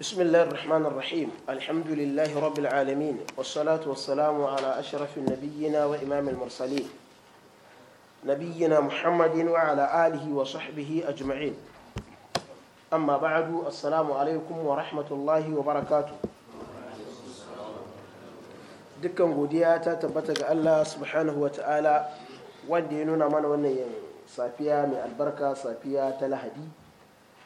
بسم الله الرحمن الرحيم الحمد لله رب العالمين والصلاة والسلام على أشرف نبينا وإمام المرسلين نبينا محمد وعلى آله وصحبه أجمعين أما بعد السلام عليكم ورحمة الله وبركاته دكم قدياتا تبتك الله سبحانه وتعالى ودينونا من ونين صافية من البركة صافية تلهدي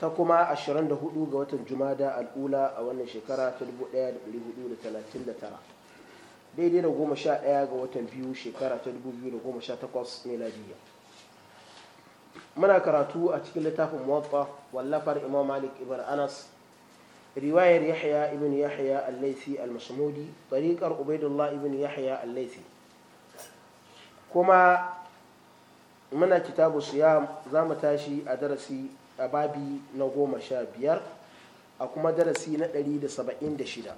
ta kuma 24 ga watan jumada al'ula a wannan shekara ta 1439 daidai da 11 ga watan biyu shekara ta 2018 miladiya muna karatu a cikin littafin muwatta wallafar imam malik ibn anas riwayar yahya ibn yahya al-laisi al-masmudi tariƙar ubaidullah ibn yahya al-laisi kuma muna kitabu siyam za mu tashi a darasi a babi na goma sha biyar a kuma darasi na ɗari da saba'in da shida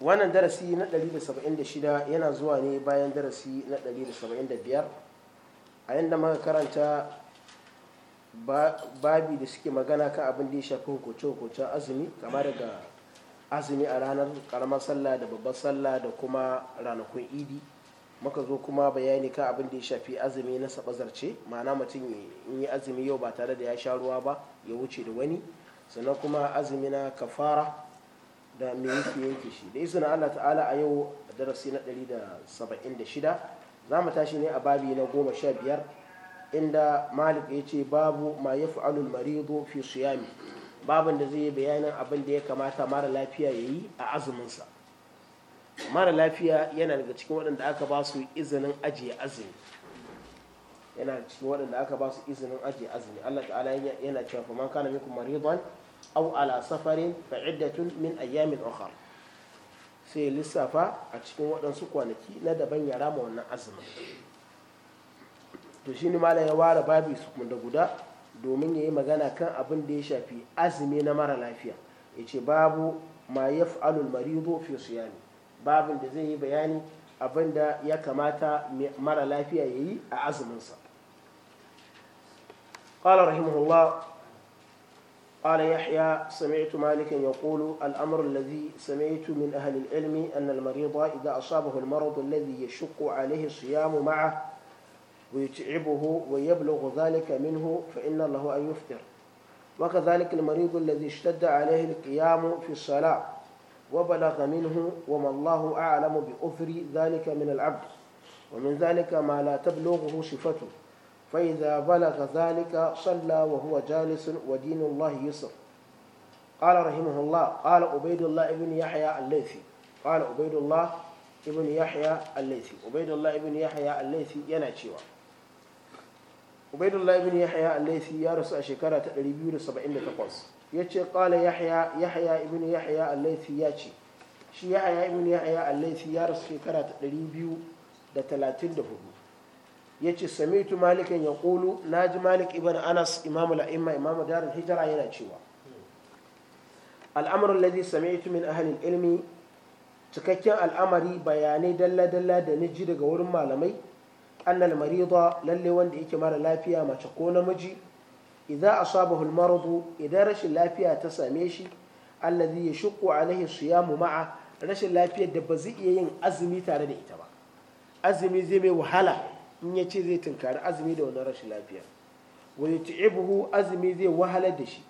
wannan darasi na ɗari da saba'in da shida yana zuwa ne bayan darasi na ɗari da saba'in da biyar a yadda muka karanta babi da suke magana kan abin da ya shafi hukuce-hukucen azumi kama daga azumi a ranar karamar sallah da babbar sallah da kuma ranakun idi muka zo kuma bayani kan abin da ya shafi azumi na sabazarce ma'ana mutum in yi azumi yau ba tare da ya sha ruwa ba ya wuce da wani sannan kuma azumi na kafara da me yake yanke shi da izinin Allah ta'ala a yau a darasi na 176 za mu tashi ne a babi na 15 inda malik ya ce babu ma ya fa'alul marido fi suyami babin da zai yi bayanin abin da ya kamata mara lafiya ya yi a azuminsa mara lafiya yana daga cikin waɗanda aka ba su izinin ajiye azumi yana cikin waɗanda aka ba su izinin ajiye azumi Allah ta'ala yana cewa fa man kana minkum maridan aw ala safarin fa iddatun min ayyamin ukhra sai lissafa a cikin waɗansu kwanaki na daban ya rama wannan azumi to shine malam ya ware babi su da guda domin yayi magana kan abin da ya shafi azumi na mara lafiya yace babu ma yaf'alul maridu fi siyami babin da zai yi bayani abin da ya kamata mara lafiya ya yi a azuminsa قال رحمه الله قال يحيى سمعت مالكا يقول الأمر الذي سمعت من أهل العلم أن المريض إذا أصابه المرض الذي يشق عليه الصيام معه ويتعبه ويبلغ ذلك منه فإن الله أن يفطر وكذلك المريض الذي اشتد عليه القيام في الصلاة وبلغ منه وما الله أعلم بأثر ذلك من العبد ومن ذلك ما لا تبلغه شفته فإذا بلغ ذلك صلى وهو جالس ودين الله يسر قال رحمه الله قال عبيد الله بن يحيى الليثي قال عبيد الله بن يحيى الليثي عبيد الله بن يحيى الليثي yana cewa عبيد الله بن يحيى الليثي ya rasu a shekara ta 278 ya ce ƙwale yahya yahya ibn yahya allaifi ya ce shi yahya ibn yahya allaifi ya rasu shekara ta ɗari biyu da talatin da hudu ya ce samitu malikan ya ƙulu na ji malik ibn anas imamu la'imma imamu darin hijira yana cewa al'amarin ladi samitu min ahalin ilmi cikakken al'amari bayanai dalla-dalla da ni ji daga wurin malamai annal marida lalle wanda yake mara lafiya mace ko namiji idza asabahu al-maradu idan rashin lafiya ta same shi Allah alladhi yashqu su siyamu muma'a rashin lafiyar da ba zai iya yin azumi tare da ita ba azumi zai mai wahala in ya ce zai tinkari azumi da wannan rashin lafiya wa yut'ibuhu azumi zai wahala da shi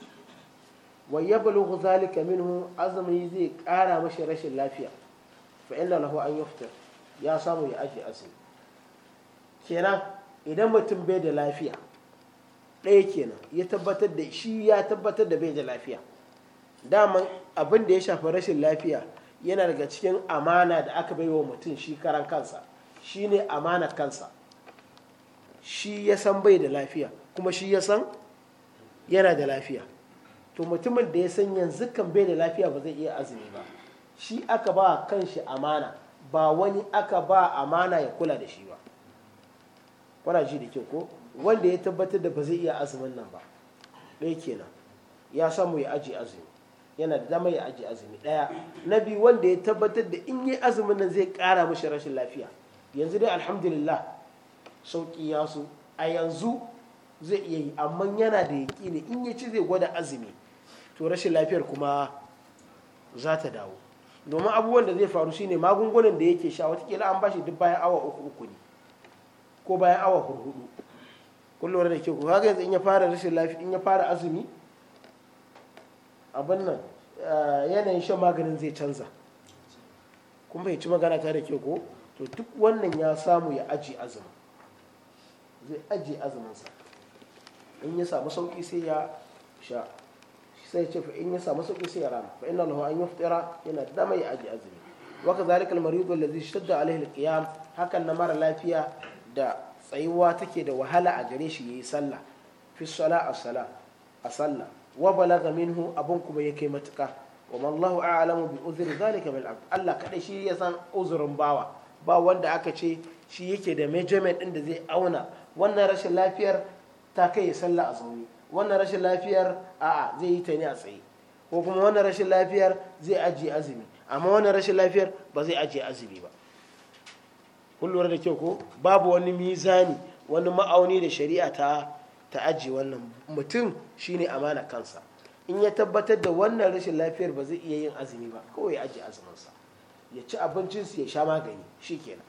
Wai wa yablughu zalika minhu azumi zai kara mashi rashin lafiya fa inna lahu an yuftir ya samu ya aje azumi kenan idan mutum bai da lafiya ɗaya kenan ya tabbatar da shi ya tabbatar da bai da lafiya daman abin ya shafi rashin lafiya yana daga cikin amana da aka bai wa mutum shi karan kansa shi ne amana kansa shi ya san bai da lafiya kuma shi ya san yana da lafiya to mutumin da ya san yanzu kan bai da lafiya ba zai iya azumi ba shi aka ba kanshi amana ba wani aka ba amana ya kula da shi ba kwanaji ji da kyau ko wanda ya tabbatar da ba zai iya azumin nan ba ɗaya kenan ya samu ya aji azumi yana da dama ya aji azumi ɗaya na biyu wanda ya tabbatar da in yi azumin nan zai ƙara mashi rashin lafiya yanzu dai alhamdulillah sauƙi ya su a yanzu zai iya yi amma yana da yaƙi ne in ya ci zai gwada azumi to rashin lafiyar kuma za ta dawo domin abubuwan da zai faru shine magungunan da yake sha watakila an bashi duk bayan awa uku uku ne ko bayan awa hurhudu kullum da ke ku kaga yanzu in ya fara rashin lafiya in ya fara azumi abin nan eh, yanayin shan maganin zai canza kun fahimci magana ta da ke ko to duk wannan ya samu ya aji azumi zai aji azuminsa in ya samu sauki sai ya sha sai ce fa in ya samu sauki sai ya rama fa inna lahu an yuftira yana da mai aji azumi wa kadhalika al-maridu alladhi shadda alayhi al-qiyam hakan na mara lafiya da tsayuwa take da wahala a gare shi yayi sallah fi sala a sala a sallah wa balaga minhu abun kuma ya kai matuka wa mallahu a'lamu bi uzri zalika bil abd Allah kada shi ya san uzurin bawa ba wanda aka ce shi yake da measurement din da zai auna wannan rashin lafiyar ta kai sallah a zaune wannan rashin lafiyar a'a zai yi ta ne a tsaye ko kuma wannan rashin lafiyar zai ajiye azumi amma wannan rashin lafiyar ba zai ajiye azumi ba kun lura da kyau ko babu wani mizani wani ma'auni da shari'a ta ta aji wannan mutum shine amana kansa in ya tabbatar da wannan rashin lafiyar ba zai iya yin azumi ba kawai ya aji azuminsa ya ci abincinsu ya sha magani shi kenan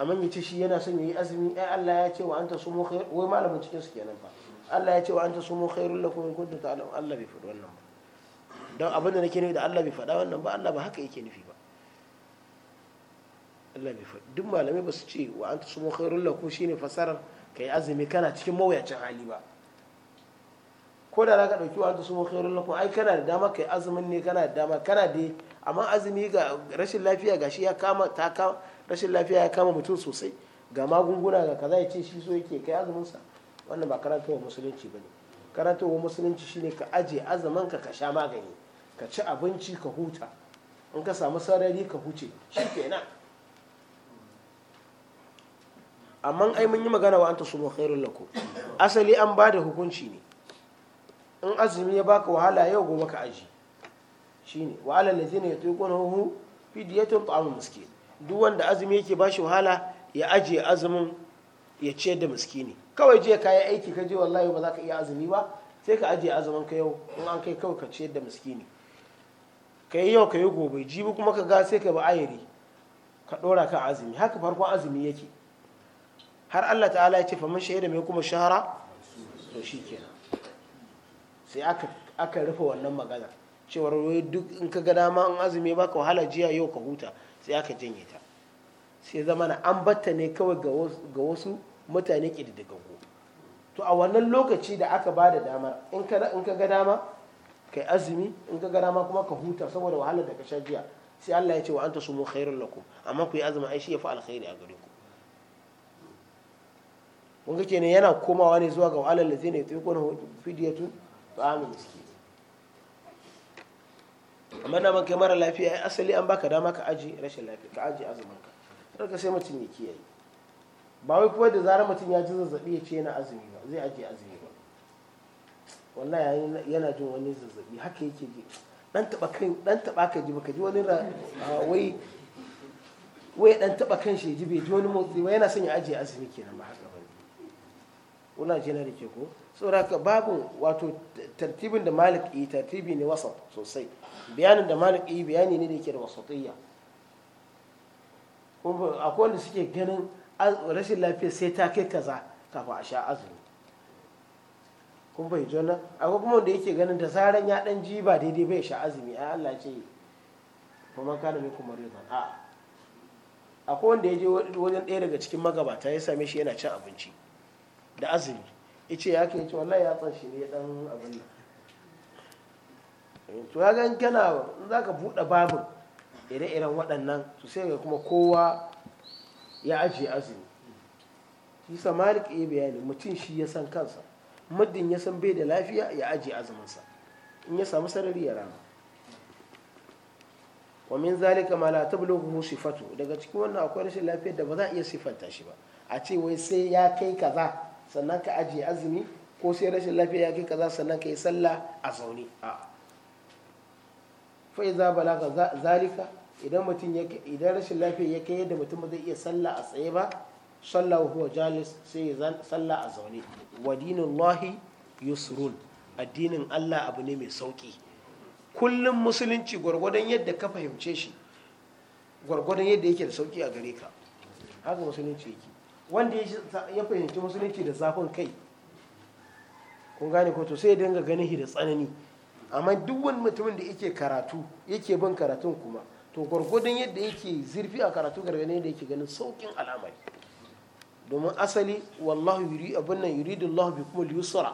amma ya ce shi yana son ya yi azumi ai Allah ya ce wa anta sumu khair wai malamin cikin su kenan fa Allah ya ce wa anta sumu khairul lakum in kuntum ta'lamun Allah bai faɗi wannan ba don abin da nake nufi da Allah bai faɗa wannan ba Allah ba haka yake nufi ba Allah bai faɗi duk malamai ba su ce wa an tasumu khairul lakum shine fasarar kai azumi kana cikin mawuyacin hali ba ko da za ka ɗauki wa an tasumu khairun lakum ai kana da dama kai azumin ne kana da dama kana dai amma azumi ga rashin lafiya gashi ya kama ta kama rashin lafiya ya kama mutum sosai ga magunguna ga kaza ya ce shi so yake kai azumin sa wannan ba karantarwa musulunci ba ne karantarwa musulunci shine ka aje azumin ka ka sha magani ka ci abinci ka huta in ka samu sarari ka huce shi kenan amma ai mun yi magana wa anta subu khairul lakum asali an bada hukunci ne in azumi ya baka wahala yau gobe ka aji shine wa alal ladzina yutiqunahu fidyatun ta'amu miskin duk wanda azumi yake bashi wahala ya ajiye azumin ya ce da miskini kawai je kayi aiki ka je wallahi ba za ka iya azumi ba sai ka ajiye azumin ka yau in an kai kawai ka ce da miskini kai yau ka yi gobe jibi kuma ka ga sai ka ba ayiri ka ɗora ka azumi haka farkon azumi yake har Allah ta'ala ya ce fa mun shahida mai kuma shahara to shi kenan sai aka rufe wannan magana cewar wai duk in ka ga dama in azumi baka wahala jiya yau ka huta sai aka janye ta sai zama na an batta ne kawai ga wasu mutane ƙididdigaggu to a wannan lokaci da aka ba da damar in ka ga dama kai azumi in ka ga dama kuma ka huta saboda wahala da ka sha jiya sai Allah ya ce wa anta sumu khairul lakum amma ku yi azumi ai shi ya fi alkhairi a gare ku mun ga kenan yana komawa ne zuwa ga alal lazina yutiquna fidyatun ta'amul miskin amma na man kai mara lafiya ai asali an baka dama ka aji rashin lafiya ka aji azumin ka sai ka sai mutum ya kiyaye ba wai kuwa da zarar mutum ya ji zazzabi ya ce yana azumi ba zai aji azumi ba wallahi yana jin wani zazzabi haka yake ji dan taba kan dan taba ka ji baka ji wani wai wai dan taba kan shi ji bai ji wani motsi wai yana son ya aji azumi kenan ba haka kuna jina da ke ko ka babu wato tartibin da malik yi tartibi ne wasat sosai bayanin da malik yi bayani ne da ke da wasatiyya akwai wanda suke ganin rashin lafiya sai ta kai kaza kafin a sha azumi kuma bai jona akwai kuma wanda yake ganin da zaran ya dan ji ba daidai bai sha azumi a Allah ce kuma kana mai kuma rizan a akwai wanda ya je wajen ɗaya daga cikin magabata ya same shi yana cin abinci da azumi ya ce ya kai ce wallahi ya tsanshi ne dan abin nan to ya gan kana in za ka buɗe babin ire-iren waɗannan su sai ga kuma kowa ya ajiye azumi shi sa malik ya bayani mutum shi ya san kansa muddin ya san bai da lafiya ya ajiye azuminsa in ya samu sarari ya rama wa min zalika ma la tablughu sifatu daga cikin wannan akwai rashin lafiyar da ba za a iya sifanta shi ba a ce wai sai ya kai kaza sannan ka ajiye azumi ko sai rashin lafiya ya kai kaza sannan ka yi sallah a zaune fai za bala ga zalika idan idan rashin lafiya ya kai yadda mutum zai iya sallah a tsaye ba sallah wa huwa jalis sai sallah a zaune wa lahi yusrun addinin Allah abu ne mai sauki kullum musulunci gwargwadon yadda ka fahimce shi gwargwadon yadda yake da sauki a gare ka haka musulunci yake wanda ya fahimci musulunci da zafin kai kun gane ko sai ya dinga ganin shi da tsanani amma duk wani mutumin da yake karatu yake bin karatun kuma to gwargwadon yadda yake zirfi a karatu gargane da yake ganin saukin al'amari domin asali wallahu yuri abin nan da allahu bikum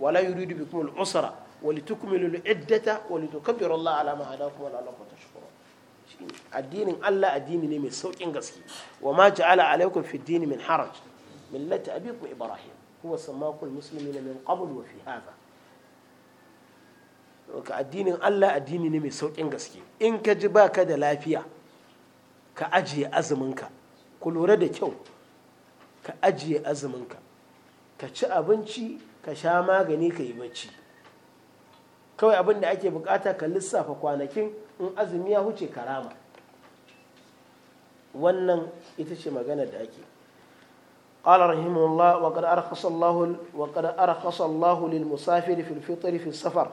wala yuridu da al-usra wa litukmilu al-iddata wali litukabbiru Allah alama ma kuma wa shi addinin Allah addini ne mai saukin gaske wa ma ja'ala alaikum fi dini min haraj millati abikum ibrahim huwa samakul muslimina min qabl wa fi hadha ka addinin Allah addini ne mai saukin gaske in ka ji baka da lafiya ka ajiye azuminka ku lura da kyau ka ajiye azuminka ka ci abinci ka sha magani ka yi bacci kawai abin da ake bukata ka lissafa kwanakin in azumi ya huce karama wannan ita ce magana da ake قال رحمه الله وقد أرخص الله وقد أرخص الله للمسافر في الفطر في السفر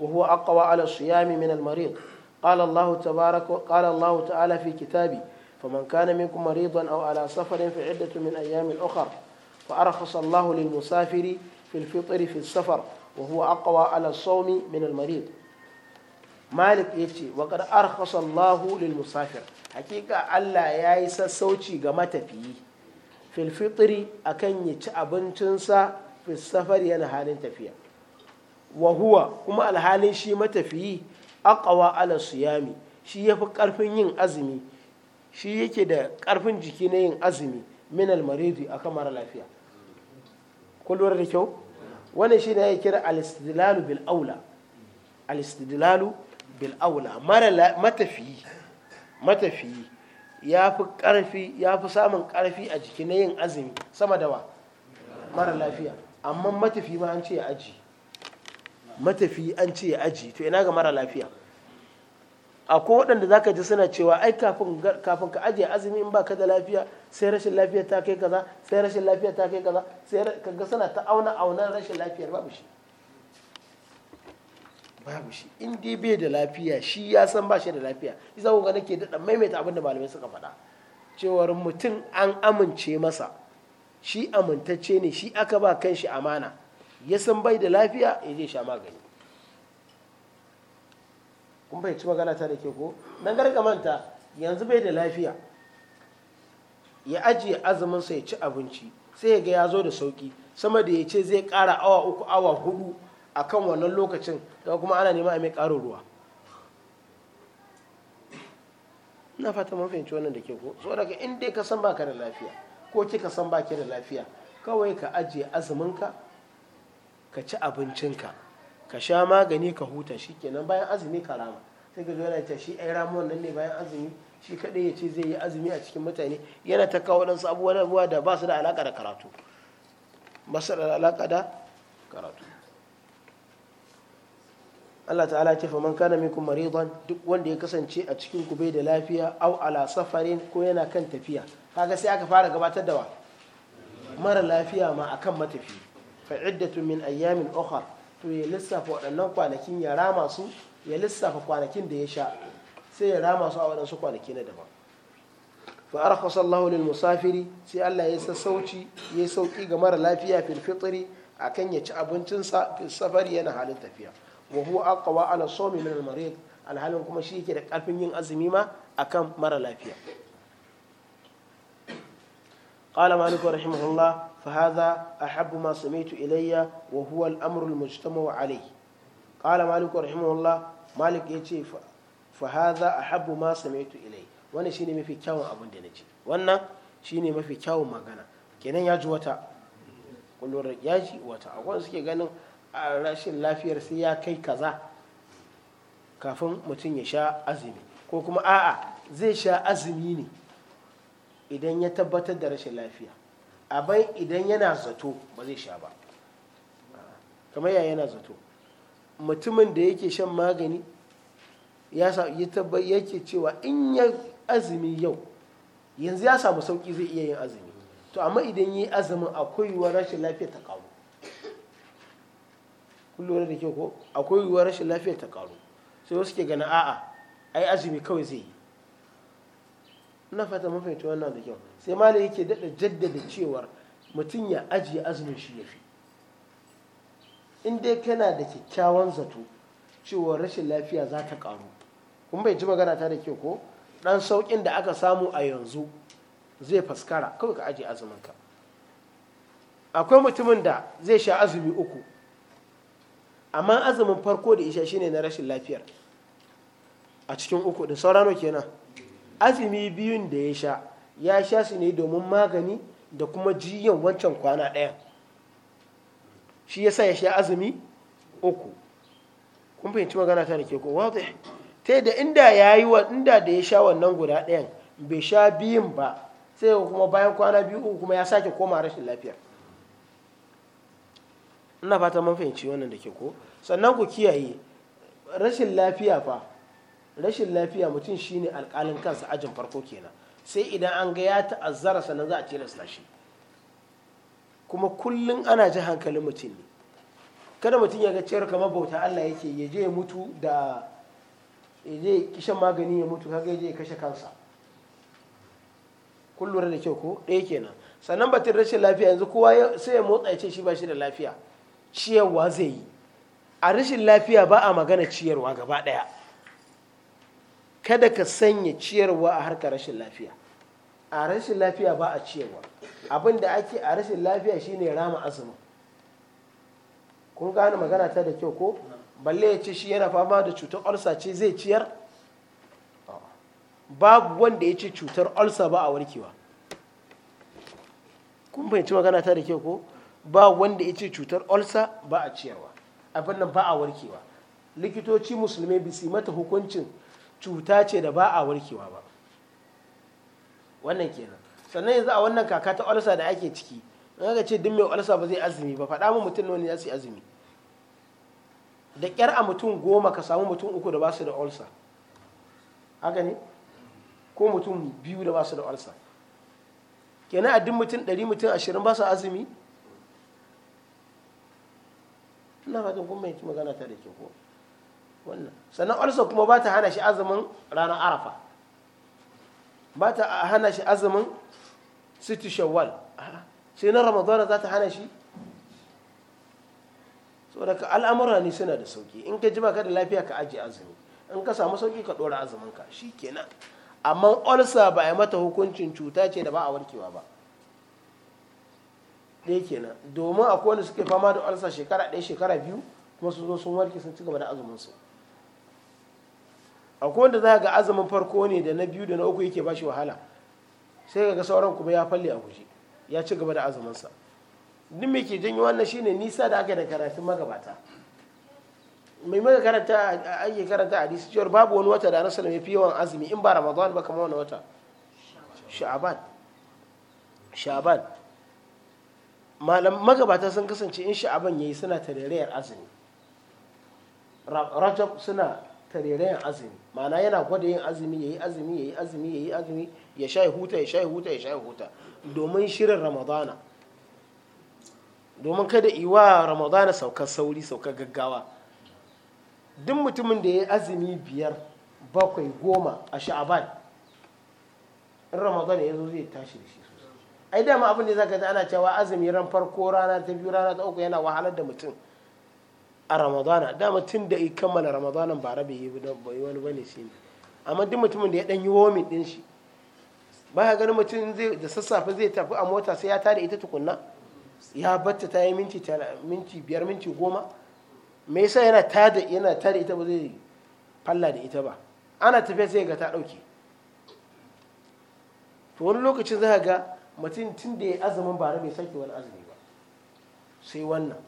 وهو أقوى على الصيام من المريض قال الله تبارك قال الله تعالى في كتابه فمن كان منكم مريضا أو على سفر فعدة من أيام أخر فأرخص الله للمسافر في الفطر في السفر وهو أقوى على الصوم من المريض malik ya ce wa qad Allahu lil musafir hakika Allah ya yi sassauci ga matafiyi fil akan ya ci abincinsa fil safar yana halin tafiya wa huwa kuma alhalin shi matafiyi aqwa ala siyami shi yafi ƙarfin yin azumi shi yake da karfin jiki na yin azumi min al a akan mara lafiya kullum da kyau wannan shi ne ya kira al bil aula al bil'aula matafiyi matafiyi ya fi ƙarfi ya fi samun ƙarfi a jiki na yin azumi sama da wa mara lafiya amma matafi ma an ce ya aji matafi an ce ya aji to ina ga mara lafiya akwai waɗanda za ka ji suna cewa ai kafin ka ajiye azumi in ba ka da lafiya sai rashin lafiya ta kai kaza sai rashin lafiya ta kai kaza sai kaga suna ta auna aunan rashin lafiyar babu shi babu shi in dai bai da lafiya shi ya san ba shi da lafiya isa kuka nake daɗa maimaita abin da malamai suka faɗa cewar mutum an amince masa shi amintacce ne shi aka ba kan shi amana ya san bai da lafiya ya eh, je sha magani kun bai ci magana ta da ke ko nan garga manta yanzu bai da lafiya ya ajiye azumin sa ya ci abinci sai ya ga ya zo da sauki sama da ya ce zai kara awa uku awa hudu a kan wannan lokacin da kuma ana nema a mai ƙarin ruwa na fata mun fahimci wannan da ke ko so daga in da ka san baka da lafiya ko kika san baki da lafiya kawai ka ajiye azuminka ka ci abincinka ka sha magani ka huta shi kenan bayan azumi ka rama sai ka zo ta shi ai rama nan ne bayan azumi shi kadai ya ce zai yi azumi a cikin mutane yana ta kawo wadansu abubuwa da ba da alaƙa ba su da alaƙa da karatu Allah ta'ala ce faman kana minkum maridan duk wanda ya kasance a cikin ku bai da lafiya au ala safarin ko yana kan tafiya kaga sai aka fara gabatar da wa mara lafiya ma akan matafi fa iddatu min ayyamin ukhar to ya lissafa waɗannan kwanakin ya rama su ya lissafa kwanakin da ya sha sai ya rama su a waɗansu kwanaki na daban fa arkhasa Allah lil musafiri sai Allah ya sassauci ya sauki ga mara lafiya fil fitri akan ya ci abincinsa fil safari yana halin tafiya wa huwa aqwa ala sawmi min al-marid alhalin kuma shi yake da karfin yin azumi ma akan mara lafiya قال مالك رحمه الله فهذا أحب ما سمعت إلي وهو الأمر المجتمع عليه قال مالك رحمه الله مالك يجي فهذا أحب ما سمعت إلي وانا شيني ما في كاو أبن دينجي وانا شيني ما في كاو مغانا كنان يجي وتا قلوا يجي وتا أقول سكي غانن rashin lafiyar sai ya kai kaza kafin mutum ya sha azumi ko kuma a'a zai sha azumi ne idan ya tabbatar da rashin lafiya abai idan yana zato ba zai sha ba kamar ya yana zato mutumin da yake shan magani ya yake cewa in ya azumi yau yanzu ya samu sauƙi zai iya yin azumi to amma idan yi azumin akwai wa rashin lafiya ta kawo kullum da ke ko akwai yiwuwar rashin lafiya ta karu sai wasu ke gana a'a yi azumi kawai zai yi na fata mun wannan da kyau sai malam yake daɗa jaddada cewar mutum ya ajiye azumin shi ya fi in dai kana da kyakkyawan zato cewa rashin lafiya za ta karu kuma bai ji magana ta da kyau ko Ɗan saukin da aka samu a yanzu zai faskara kawai ka ajiye azumin ka. akwai mutumin da zai sha azumi uku amma azumin farko da isha shine na rashin lafiyar a cikin uku din saurano kenan azumi biyun da ya sha ya sha su ne domin magani da kuma jiyan wancan kwana ɗaya shi sa ya sha azumi uku kun fahimci magana ta da ke ko wato ta da inda ya yi wa inda da ya sha wannan guda ɗayan bai sha biyun ba sai kuma bayan kwana biyu kuma ya sake koma rashin lafiyar. ina fata mun fahimci wannan da ke ko sannan ku kiyaye rashin lafiya fa rashin lafiya mutum shine alƙalin kansa ajin farko kenan sai idan an ga ya ta'azzara sannan za a tilasta shi kuma kullum ana ji hankalin mutum ne kada mutum ya ga cewar kamar bauta Allah yake ya je ya mutu da ya je kishan magani ya mutu kaga ya je ya kashe kansa kullum da kyau ko ɗaya kenan sannan batun rashin lafiya yanzu kowa sai ya motsa ya ce shi ba shi da lafiya ciyarwa zai yi a rashin lafiya ba a magana ciyarwa gaba ɗaya kada ka sanya ciyarwa a harkar rashin lafiya a rashin lafiya ba a ciyarwa abinda ake a rashin lafiya shine rama azumi kun gane magana ta da kyau ko balle ya ce shi yana fama da cutar olsa ce zai ciyar babu wanda ya ce cutar olsa ba a warkewa kun fahimci magana ta da kyau ko ba wanda ya ce cutar olsa ba a ciyarwa abin nan ba a warkewa likitoci musulmai bisi mata hukuncin cuta ce da ba a warkewa ba wannan kenan sannan yanzu a wannan kaka ta olsa da ake ciki in ga ce duk mai olsa ba zai azumi ba faɗa mu mutum wani ya su azumi da ƙyar a mutum goma ka samu mutum uku da ba su da olsa haka ne ko mutum biyu da ba su da olsa kenan a duk mutum ɗari mutum ashirin ba su azumi ina fatan kun fahimci magana ta da ke ko wannan sannan also kuma ba ta hana shi azumin ranar arafa ba ta hana shi azumin siti shawwal sai na ramadana za ta hana shi saboda al'amura ne suna da sauki in ka jima ka da lafiya ka ajiye azumi in ka samu sauki ka ɗora azumin ka shi kenan amma olsa ba a mata hukuncin cuta ce da ba a warkewa ba ɗaya kenan domin akwai wanda suke fama da alsa shekara ɗaya shekara biyu kuma su zo sun warke sun ci gaba da azumin su akwai wanda za ga azumin farko ne da na biyu da na uku yake bashi wahala sai ga sauran kuma ya falle a guje ya ci gaba da azumin sa duk me ke janyo wannan shine nisa da aka da karatun magabata mai maka karanta ake karanta a hadisi cewar babu wani wata da annabi sallallahu fi yawan azumi in ba ramadan ba kamar wani wata sha'aban sha'aban magabata sun kasance in sha'aban yi suna tarirayar azumi rajab suna tarirayar azumi ma'ana yana gwada yin azumi ya azumi yayi azumi yi azumi ya sha huta ya sha huta ya sha huta domin shirin ramadana domin kada iwa ramadana saukar sauri saukar gaggawa duk mutumin da ya yi azumi biyar bakwai goma a sha'aban in ramadana ya zo zai tashi da shi ai dama abin da zaka ji ana cewa azumi ran farko rana ta biyu rana ta uku yana wahalar da mutum a ramadana dama tun da ya kammala ramadana ba rabe yi wani bane shi ne amma duk mutumin da ya dan yi womin din shi baya ganin mutum zai da sassafe zai tafi a mota sai ya tada ita tukunna ya batta ta yi minti minti biyar minti goma me yasa yana tada yana tada ita ba zai falla da ita ba ana tafiya sai ga ta dauke to wani lokacin za ga mutum tun da ya azumin bara bai sake wani azumi ba sai wannan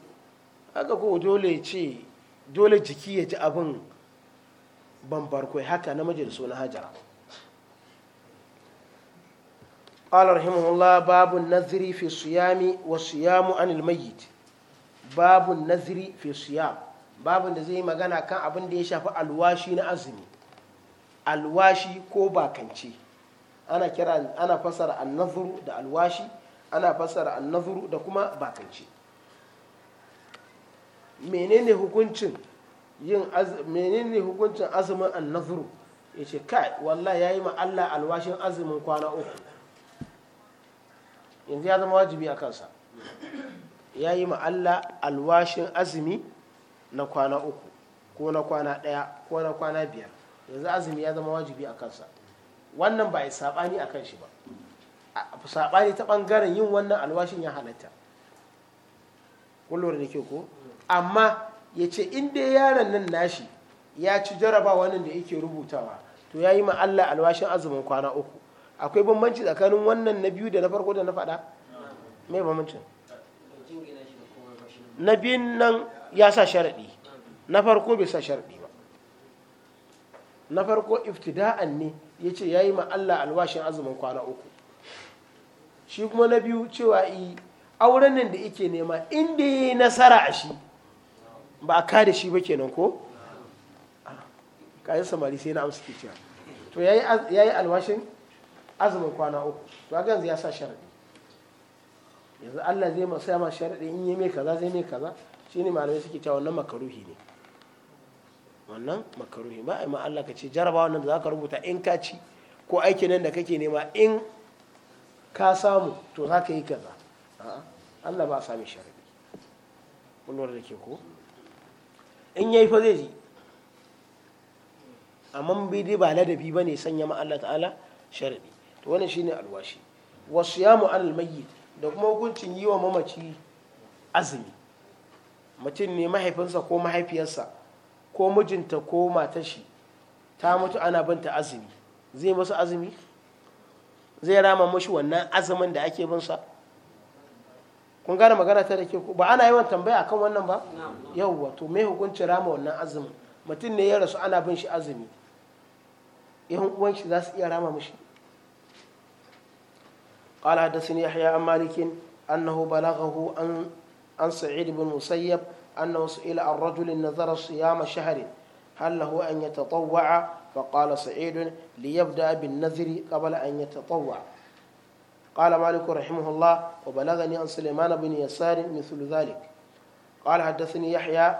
haka ko dole ce dole jiki ya ji abin ban barkwai haka na majalisu na hajara قال رحمه الله naziri fi suyami wa suyamu عن الميت باب naziri fi الصيام babu da zai magana kan abin da ya shafi alwashi na azumi alwashi ko bakance ana kira ana fasara annazuru da alwashi ana fasara annazuru da kuma bakance menene hukuncin yin menene hukuncin azumin annazuru yace kai wallahi yayi ma Allah alwashin azumin kwana uku yanzu ya zama wajibi a kansa ya yi Allah alwashin azumi na kwana uku ko na kwana daya ko na kwana biyar yanzu azumi ya zama wajibi a kansa wannan ba ya saɓani a kan shi ba saɓani ta ɓangaren yin wannan alwashin ya halatta kullum da ke ko amma ya ce inda yaron nan nashi ya ci jaraba da yake rubutawa to ya yi ma Allah alwashin azumin kwana uku akwai bambanci tsakanin wannan na biyu da na farko da na faɗa mai bambancin na biyun nan ya sa sharaɗi na farko bai sa sharaɗi na farko iftida'an ne ya ce ya yi ma Allah alwashin azumin kwana uku shi kuma na biyu cewa yi auren nan da yake nema inda ya yi nasara a shi ba a kada shi ba kenan ko kayan samari sai na amsa kiciya to ya yi alwashin azumin kwana uku to a yanzu ya sa sharaɗi yanzu Allah zai masu ma sharaɗi in yi mai kaza zai mai kaza shi ne malamai suke cewa wannan makaruhi ne wannan makaruhi ba a yi ma'alla ka ce jarabawa nan da ka rubuta in ka ci ko aiki nan da kake nema in ka samu to za ka yi kaza Allah ba a sami sharaɗi kun da ke ko in yi fa zai ji amma bai dai ba ladabi ne sanya ma Allah ta'ala sharaɗi to wannan shine alwashi wasu ya alal mayyit da kuma hukuncin yi wa mamaci azumi mutum ne mahaifinsa ko mahaifiyarsa ko mijinta ko matar shi ta mutu ana binta azumi zai masu azumi zai rama mashi wannan azumin da ake binsa kun gane magana ta da ke ba ana yawan tambaya akan wannan ba yawwa to me hukunci rama wannan azumin mutum ne ya rasu ana bin shi azumi yan uwan shi za su iya rama mashi قال حدثني malikin an مالك أنه بلغه عن an sa'id musayyab أنه سئل عن رجل نذر صيام شهر هل له أن يتطوع فقال سعيد ليبدأ بالنذر قبل أن يتطوع قال مالك رحمه الله وبلغني عن سليمان بن يسار مثل ذلك قال حدثني يحيى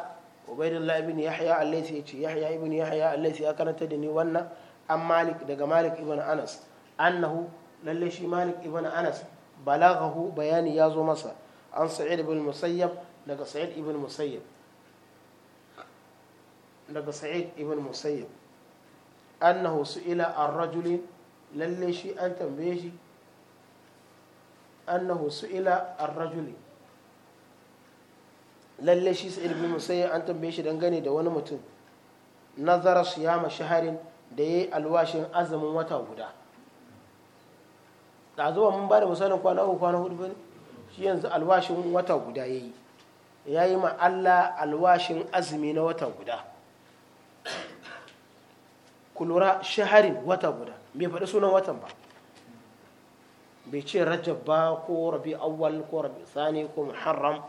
وبين الله بن يحيى الليثي يحيى بن يحيى الليثي أكن تدني ون عن مالك دق مالك ابن أنس أنه للشي مالك ابن أنس بلغه بيان يازو مصر عن سعيد بن المسيب daga sa'id ibn musayyib daga sa'id ibn musayyib annahu su'ila ar-rajul lalle shi an tambaye shi annahu su'ila ar-rajul lalle shi sa'id ibn musayyib an tambaye shi dangane da wani mutum nazara siyama shaharin da ya yi alwashin azumin wata guda da zuwa mun ba da misalin kwana uku kwana hudu bane shi yanzu alwashin wata guda ya yi ya yi ma Allah alwashin azumi na wata guda kulura shaharin wata guda bai faɗi sunan watan ba bai ce rajab ba ko rabi awwal ko rabi sani ko muharram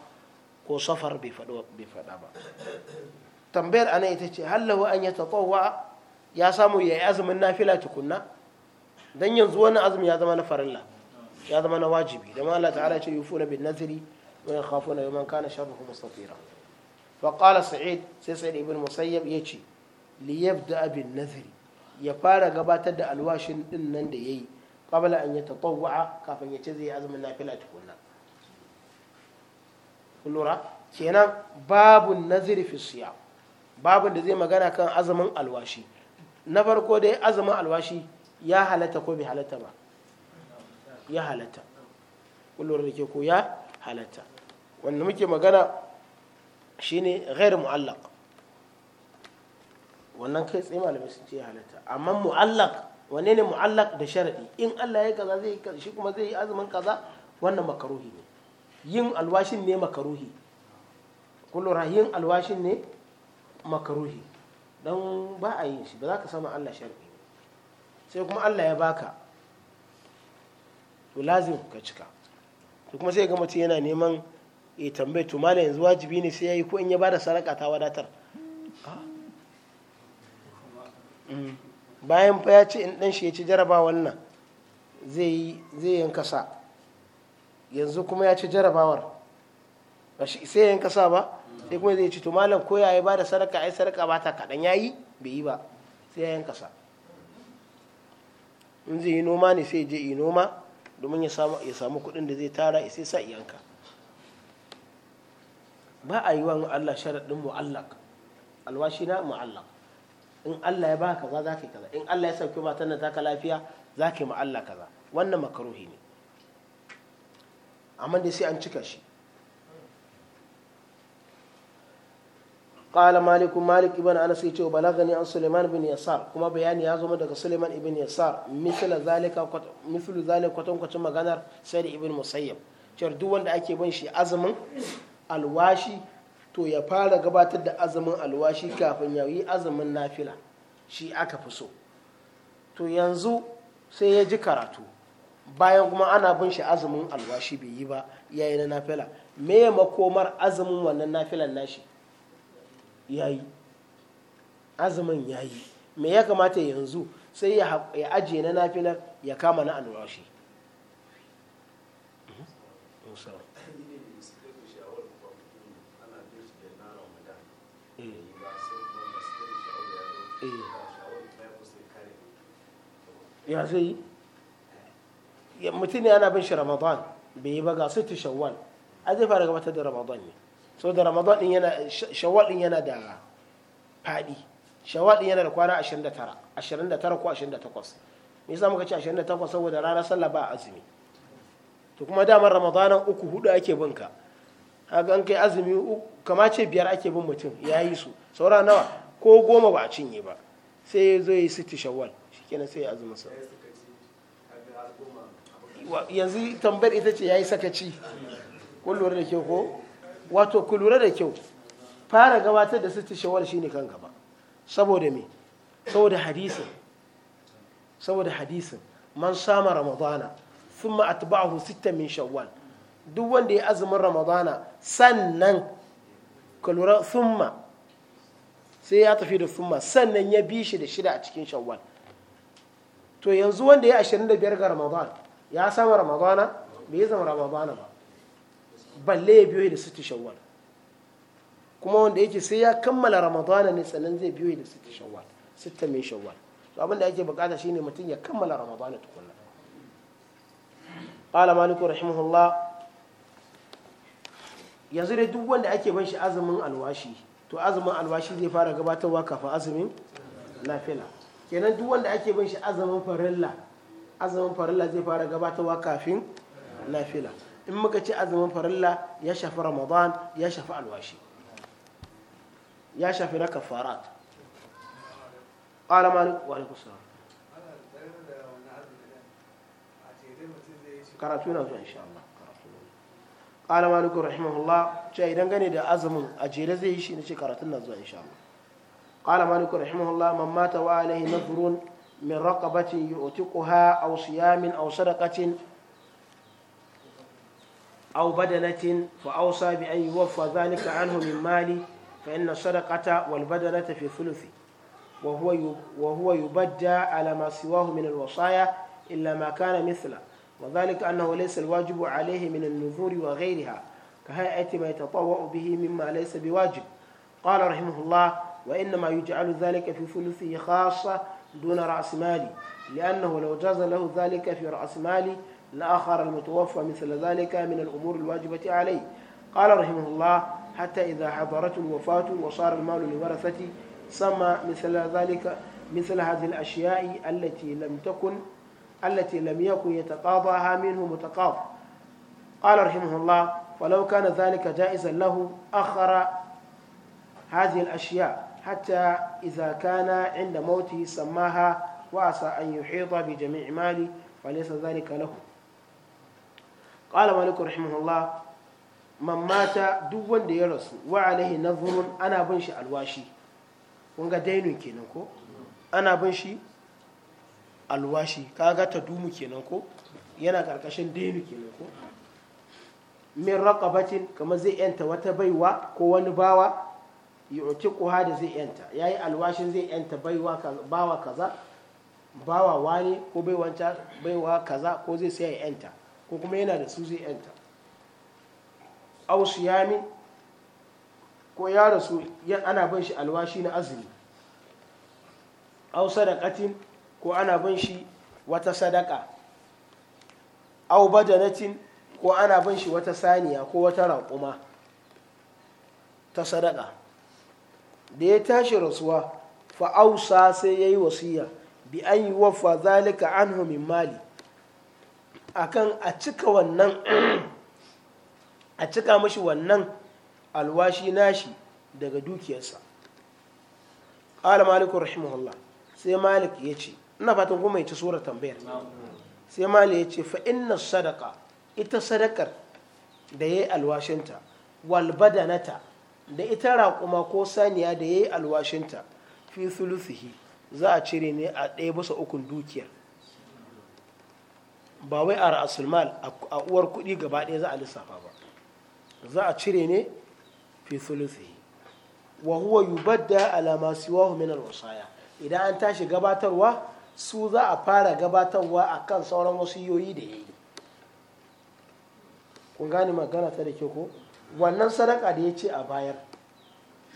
ko safar bai faɗa ba tambayar ana ita ce hallawa an ya taɓawa ya samu ya yi azumin nafila tukunna don yanzu wani azumi ya zama na farilla ya zama na wajibi da ma Allah ta'ala ce yufuna bin naziri ويخافون يوما كان شره مستطيرا فقال سعيد سيسعد ابن مسيب يجي ليبدأ بالنذر يفار قبات الواش إنن دي قبل أن يتطوع كافا يتزي أزم النافلة تكون كلورا را كينا باب النذر في الصيام باب da zai magana kan azumin alwashi na farko dai azumin alwashi ya halatta ko bai halatta ba ya halatta kullum da ke ko wanda muke magana shine ghair mu'allaq wannan kai tsaye malamai sun ce halatta amma mu'allaq wanne ne mu'allaq da sharadi in Allah ya kaza zai shi kuma zai yi azumin kaza wannan makaruhi ne yin alwashin ne makaruhi kullu yin alwashin ne makaruhi don ba a yin shi ba za ka sama Allah sharadi sai kuma Allah ya baka to lazim ka cika to kuma sai ga mutum yana neman ya eh, tambaye to malam yanzu wajibi ne sai yayi ko in ya bada sadaka ta wadatar bayan fa ya ce in dan shi ya ci jarabawar nan zai zai yanka sa yanzu kuma ya ci jarabawar sai yanka sa ba sai kuma zai ci to malam ko ya yi bada sadaka ai sadaka ba ta kadan yayi bai yi ba sai ya yanka sa in zai yi noma ne sai ya je yi noma domin ya samu kuɗin da zai tara sai sa iyanka ba a yi wa Allah sharaɗin mu'allak alwashi na mu'allak in Allah ya baka kaza za ka kaza in Allah ya sauke matan nan taka lafiya za ka yi mu'allak kaza wannan makaruhi ne amma dai sai an cika shi قال مالك مالك ابن انس يتو بلغني عن سليمان بن يسار كما بيان يا زما daga Suleiman ibn Yasar مثل ذلك مثل ذلك كتم كتم maganar Sa'id ibn Musayyab cewa duk wanda ake bin shi azumin alwashi to ya fara gabatar da azumin alwashi kafin ya yi azumin nafila shi aka fi so to yanzu sai ya ji karatu bayan kuma ana bin shi azumin alwashi bai yi ba ya yi na nafila me ya makomar azumin wannan nafilan nashi ya yi azumin ya yi me ya kamata yanzu sai ya ajiye na nafilar ya kama na alwashi. Hmm? Eh. ya zai yi mutum ana bin shi ramadan bai yi ba ga su shawwal a zai fara gabatar da ramadan ne so da ramadan din yana shawwal din yana da fadi shawwal din yana da kwana 29 29 ko 28 me yasa muka ce 28 saboda ranar sallah ba azumi to kuma damar ramadan uku hudu ake bin ka haka an kai azumi kama ce biyar ake bin mutum ya yi su saura nawa ko goma ba a cinye ba sai ya zo ya yi siti shawwal shi kenan sai ya azumin sa yanzu tambayar ita ce ya yi sakaci ci da kyau ko wato ku da kyau fara gabatar da siti shawwal shine kan gaba saboda me saboda hadisin saboda hadisin man sama ramadana thumma atba'ahu sittan min shawwal duk wanda ya azumin ramadana sannan ka sun ma sai ya tafi da summa sannan ya bi shi da shida a cikin shawwal to yanzu wanda ya 25 ga ramadan ya sama ramadana bai zama ramadana ba balle ya biyo da sittin shawwal kuma wanda yake sai ya kammala ramadana ne sannan zai biyo da sittin shawwal sittin min shawwal to abin da ake bukata shine mutum ya kammala ramadana tukunna qala maliku rahimahullah yanzu dai duk wanda ake ban shi azumin alwashi to azumin albashi zai fara gabatarwa kafin azumin nafila kenan duk wanda ake bin shi azumin farilla azumin farilla zai fara gabatarwa kafin nafila in muka ce azumin farilla ya shafi ramadan ya shafi alwashi ya shafi na kafarat ƙwala malik wa alaikum karatu na zuwa insha Allah qala malik rahimahullah cewa idan gane da azumin a jere zai yi shi ne ce karatun nan zuwa insha Allah qala malik rahimahullah man mata wa alaihi nadhrun min raqabatin yu'tiquha aw siyamin aw sadaqatin أو بدنة فأوصى بأن يوفى ذلك عنه من مالي فإن الصدقة والبدنة في ثلثه وهو وهو يبدى على ما سواه من الوصايا إلا ما كان مثله وذلك أنه ليس الواجب عليه من النذور وغيرها كهيئة ما يتطوع به مما ليس بواجب قال رحمه الله وإنما يجعل ذلك في ثلثه خاصة دون رأس مالي لأنه لو جاز له ذلك في رأس مالي لآخر المتوفى مثل ذلك من الأمور الواجبة عليه قال رحمه الله حتى إذا حضرت الوفاة وصار المال لورثتي سمى مثل ذلك مثل هذه الأشياء التي لم تكن التي لم يكن يتقاضاها منه متقاض قال رحمه الله ولو كان ذلك جائزا له أخر هذه الأشياء حتى إذا كان عند موته سماها وعسى أن يحيط بجميع ماله وليس ذلك له قال مالك رحمه الله من مات دون da ya rasu wa alaihi nazrun ana bin shi alwashi kun ga dainun kenan ko ana bin shi alwashi kaga ta dumu kenan ko yana karkashin dainu kenan ko min raqabatin kamar zai yanta wata baiwa ko wani bawa yu'tiquha da zai yanta yayi alwashin zai yanta baiwa bawa kaza bawa wani ko wanta baiwa kaza ko zai sai ya yanta ko kuma yana da su zai yanta aw siyami ko ya rasu ana bin shi alwashi na azumi aw sadaqatin ko ana bin shi wata sadaka au badanatin ko ana bin shi wata saniya ko wata raƙuma ta sadaka da ya tashi rasuwa fa'ausa sai ya yi wasiya bi an yi wafa zalika an min mali akan a cika wannan a cika mashi wannan alwashi nashi daga dukiyarsa ƙala maliku rahimahullah sai malik ya ce ina fatan kuma ya ci surar tambayar sai mali ya ce fa inna sadaka ita sadakar da ya yi alwashinta walbadanata da ita raƙuma ko saniya da ya yi alwashinta fi sulusihi za a cire ne a ɗaya bisa ukun dukiyar ba wai a ra'asul a uwar kuɗi gaba ɗaya za a lissafa ba za a cire ne fi sulusihi wa huwa yubadda ala ma siwahu min idan an tashi gabatarwa su za a fara gabatarwa a kan sauran wasiyoyi da ya yi kun gane magana ta da ke ko wannan sadaka da ya ce a bayar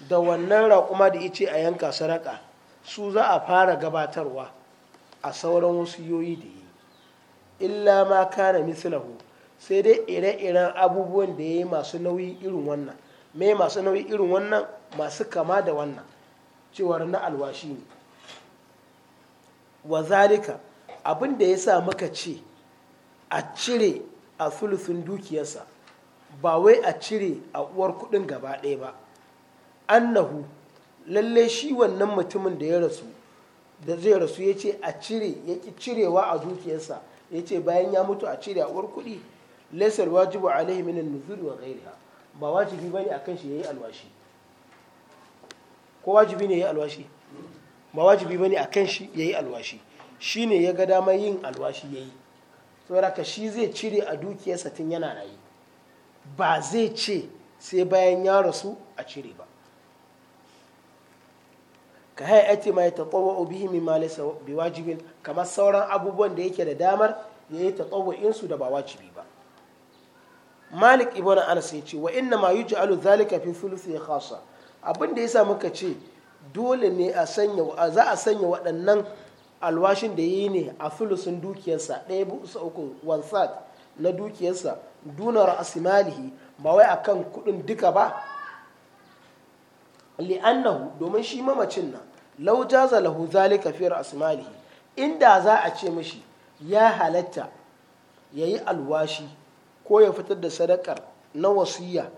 da wannan raƙuma da ya ce a yanka sadaka su za a fara gabatarwa a sauran wasiyoyi da ya yi illa ma kana mislahu sai dai ire-iren abubuwan da ya yi masu nauyi irin wannan me masu nauyi irin wannan masu kama da wannan cewar na alwashi ne wa zalika abin da ya sa muka ce a cire a sulusun dukiyarsa ba wai a cire a uwar kudin gaba ɗaya ba annahu lalle shi wannan mutumin da ya rasu da zai rasu ya ce a cire ya ki cirewa a dukiyarsa ya ce bayan ya mutu a cire a uwar kudi laisar wajibu alaihi minan nuzuri wa ghairiha ba wajibi bane akan shi yayi alwashi ko wajibi ne yayi alwashi ba wajibi bane a kan shi yayi alwashi shine ya ga damar yin alwashi yayi saboda ka shi zai cire a dukiyarsa tun yana rayu ba zai ce sai bayan ya rasu a cire ba ka haya ati ma ya taɓawa obihi min malisa bi wajibin kamar sauran abubuwan da yake da damar ya yi taɓawa da ba wajibi ba malik ibn anas ya ce wa inna ma yuj'alu zalika fi thuluthi khassa abin da yasa muka ce dole ne a sanya za a sanya waɗannan alwashin da yi ne a fulusun dukiyarsa ɗaya sa uku wansat na dukiyarsa dunar asimalihi ba wai a kan kuɗin duka ba li'annahu domin shi mamacin nan lau jaza lahu zalika fi asimalihi inda za a ce mashi ya halatta ya yi alwashi ko ya fitar da sadakar na wasiya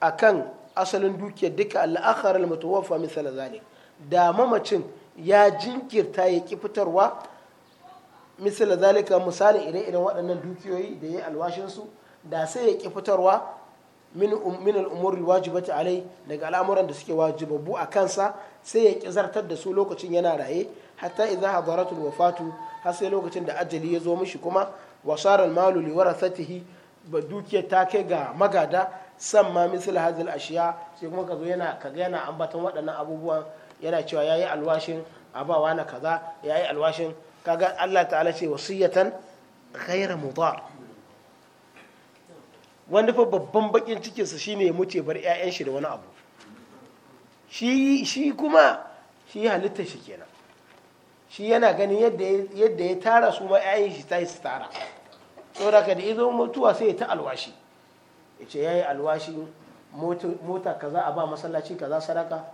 a kan asalin dukiyar duka al'akhar al-mutawaffa misal zalik da mamacin ya jinkirta ya ki fitarwa misal zalika misali ire-iren waɗannan dukiyoyi da ya alwashin su da sai ya ki fitarwa min um, al'umuri wajibata alai daga al'amuran da suke wajibabu a kansa sai ya ki zartar da su lokacin yana raye hatta idza habaratul wafatu har sai lokacin da ajali ya zo mishi kuma wasarar malu li warasatihi dukiyar ta kai ga magada san ma misal hazil ashiya sai kuma ka zo yana kaga yana ambaton waɗannan abubuwan yana cewa yayi alwashin abawa na kaza ya yi alwashin kaga Allah ta'ala ce wasiyatan ghayra mudar wanda fa babban bakin cikinsa sa shine ya muce bar ƴaƴan shi da wani abu shi shi kuma shi halitta shi kenan shi yana ganin yadda ya tara su ma ƴaƴan shi ta yi su tara saboda ka da izo mutuwa sai ya ta alwashi ce ya yi alwashi mota kaza a ba masallaci kaza sadaka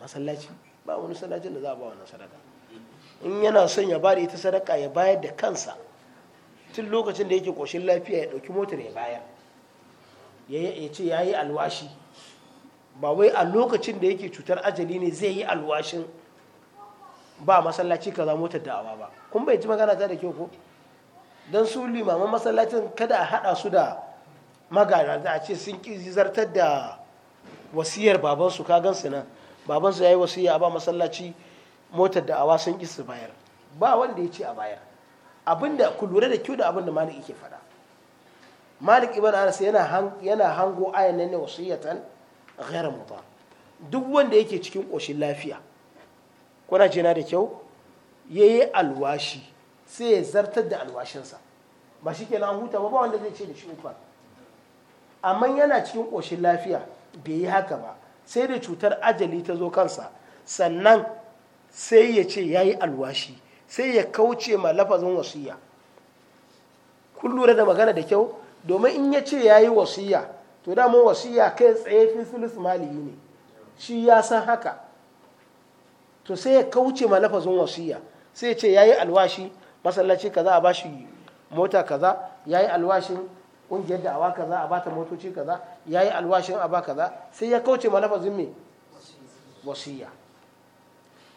masallaci ba wani da za a ba wani sadaka in yana son ya bada ita sadaka ya bayar da kansa tun lokacin da yake koshin lafiya ya dauki motar ya bayar ya ce ya yi alwashi ba wai a lokacin da yake cutar ajali ne zai yi alwashin ba masallaci kaza motar da'awa ba kun bai ji magana ta da kyau ko don su limaman masallacin kada a haɗa su da magana za a ce sun ƙi zartar da wasiyar babansu ka gansu nan babansu ya yi wasiya a ba masallaci motar da awa sun ƙi su bayar ba wanda ya ce a bayar abinda ku lura da kyau da abinda malik yake faɗa malik ibn anas yana yana hango ayan nan ne wasiyatan mu ba duk wanda yake cikin koshin lafiya kuna jina da kyau yayi alwashi sai ya zartar da alwashinsa ba shi kenan huta ba ba wanda zai ce da shi ufa amma yana cikin ƙoshin lafiya bai yi haka ba sai da cutar ajali ta zo kansa sannan sai ya ce ya yi alwashi sai ya kauce ma lafazin wasiya kun lura da magana da kyau domin in ya ce ya yi wasiya to damar wasiya kai tsaye fi filus maliyi ne shi ya san haka to sai ya kauce ma lafazin wasiya sai ya ce ya yi alwashi masallaci kaza a bashi mota kaza ya yi alwashin ƙungiyar da awa kaza a bata motoci kaza ya yi alwashin a ba kaza sai ya kauce ma lafazin me wasiya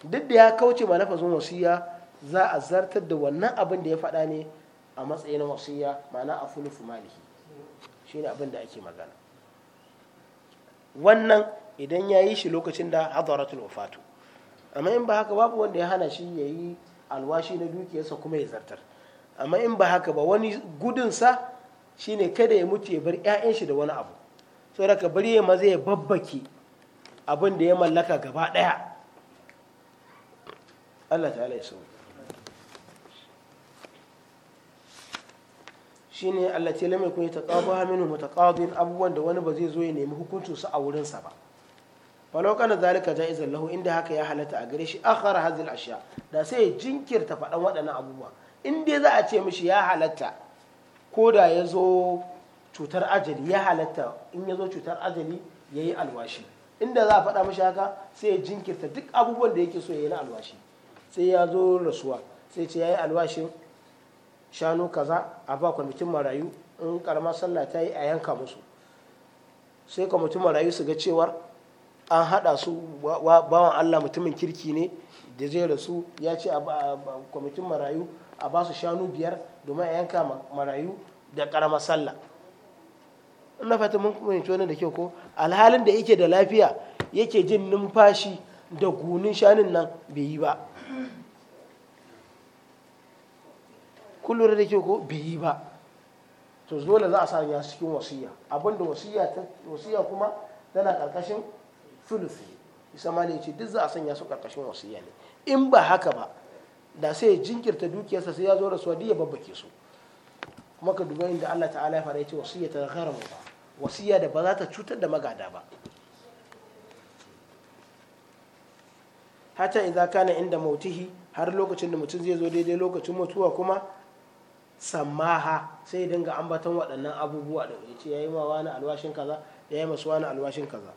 duk da ya kauce ma lafazin wasiya za a zartar da wannan abin da ya faɗa ne a matsayin wasiya ma'ana a fulufu malihi shine abin da ake magana wannan idan ya yi shi lokacin da hadaratul wafatu amma in ba haka babu wanda ya hana shi ya yi alwashi na dukiyarsa kuma ya zartar amma in ba haka ba wani gudunsa shine kada ya mutu ya bar 'ya'yan shi da wani abu saboda ka bari ya maza ya babbake abin da ya mallaka gaba ɗaya Allah ta'ala ya sauke shine Allah ta lamai kun yataqaba minhu mutaqadin abubuwan da wani ba zai zo ya nemi hukuncin su a wurin sa ba falau kana zalika jaizan lahu inda haka ya halatta a gare shi akhara hadhihi al-ashya da sai jinkirta faɗan waɗannan abubuwa in dai za a ce mishi ya halatta ko da ya zo cutar ajali ya halatta in ya zo cutar ajali ya yi alwashi inda za a faɗa mashi haka sai ya jinkirta duk abubuwan da yake so ya yi na alwashi sai ya zo rasuwa sai ce ya yi alwashin shanu kaza a ba kwamitin marayu in karama sallah ta yi a yanka musu sai kwamitin marayu su ga cewar an haɗa su bawan allah mutumin kirki ne da zai rasu ya ce a kwamitin marayu a ba su shanu biyar domin a yanka marayu da karama sallah ina fata mun fahimci wani da kyau ko alhalin da yake da lafiya yake jin numfashi da gunin shanin nan bai yi ba kullum da kyau ko bai yi ba to dole za a sanya cikin wasiya abinda wasiya kuma tana karkashin sulusi isa ma ne ce duk za a sanya su karkashin wasiya ne in ba haka ba da sai ya jinkirta dukiyarsa sai ya zo su duk ya babbake su kuma ka inda Allah ta'ala ya fara ya ce ta gharamu ba wasiya da ba za ta cutar da magada ba hatta idza kana inda mautihi har lokacin da mutum zai zo daidai lokacin mutuwa kuma sammaha sai dinga ambaton waɗannan abubuwa da ya ce yi ma wani alwashin kaza ya yayi masu wani alwashin kaza